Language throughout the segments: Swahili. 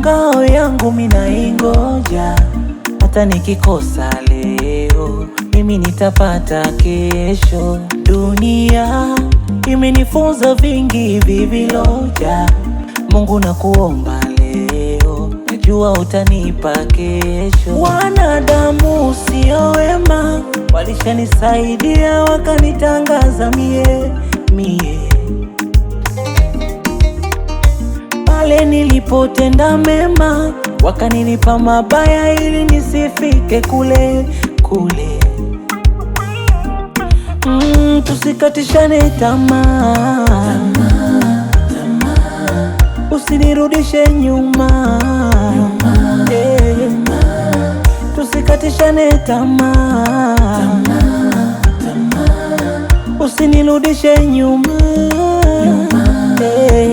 ngao yangu, minaingoja. Hata nikikosa leo, mimi nitapata kesho. Dunia imenifunza vingi viviloja. Mungu nakuomba leo, najua utanipa kesho. Wanadamu sio wema, walishanisaidia wakanitangaza mie mie pale nilipotenda mema, wakaninipa mabaya ili nisifike kule kule jamani, tusikatishane tamaa tama, Usinirudishe nyuma, nyuma, yeah. Tusikatishane tamaa tama, Usinirudishe nyuma, nyuma. Yeah.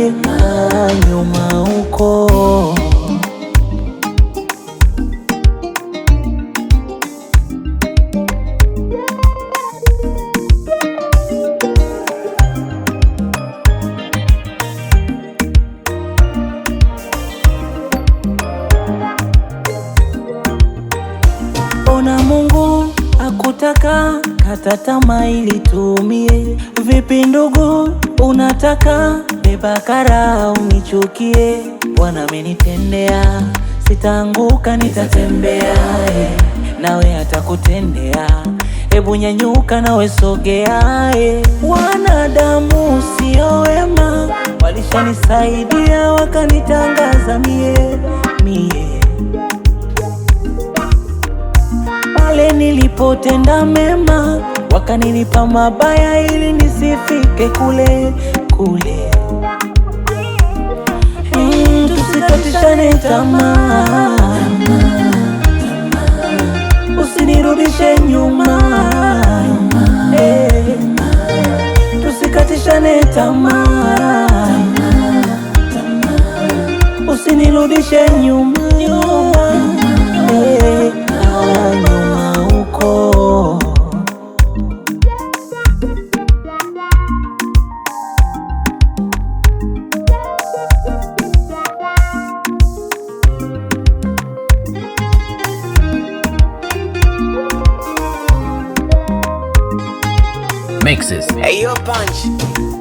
Mbona Mungu akutaka kata tamaa ili tumie? Vipi ndugu, unataka beba kara unichukie? Bwana amenitendea, sitaanguka, nitatembea eh. nawe atakutendea. Hebu nyanyuka, nawe sogea. Eh. Wanadamu sio wema, walishanisaidia wakanitangaza Nilipotenda mema wakanilipa mabaya, ili nisifike kule kule. Mm, eh, tusikatishane tamaa, usinirudishe nyuma tusikatishane tamaa, usinirudishe nyuma Hey, yo, Punch.